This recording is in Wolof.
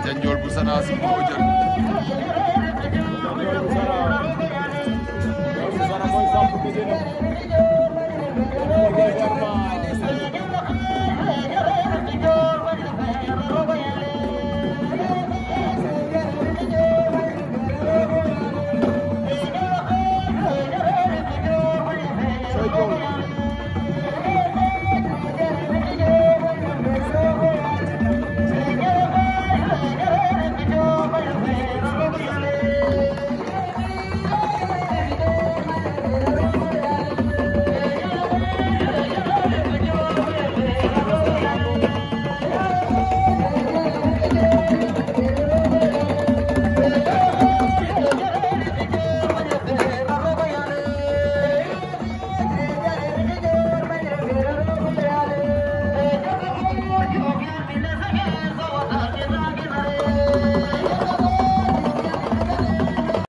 aca Ndiol bu Sana si moo jël Ndiol bu Sana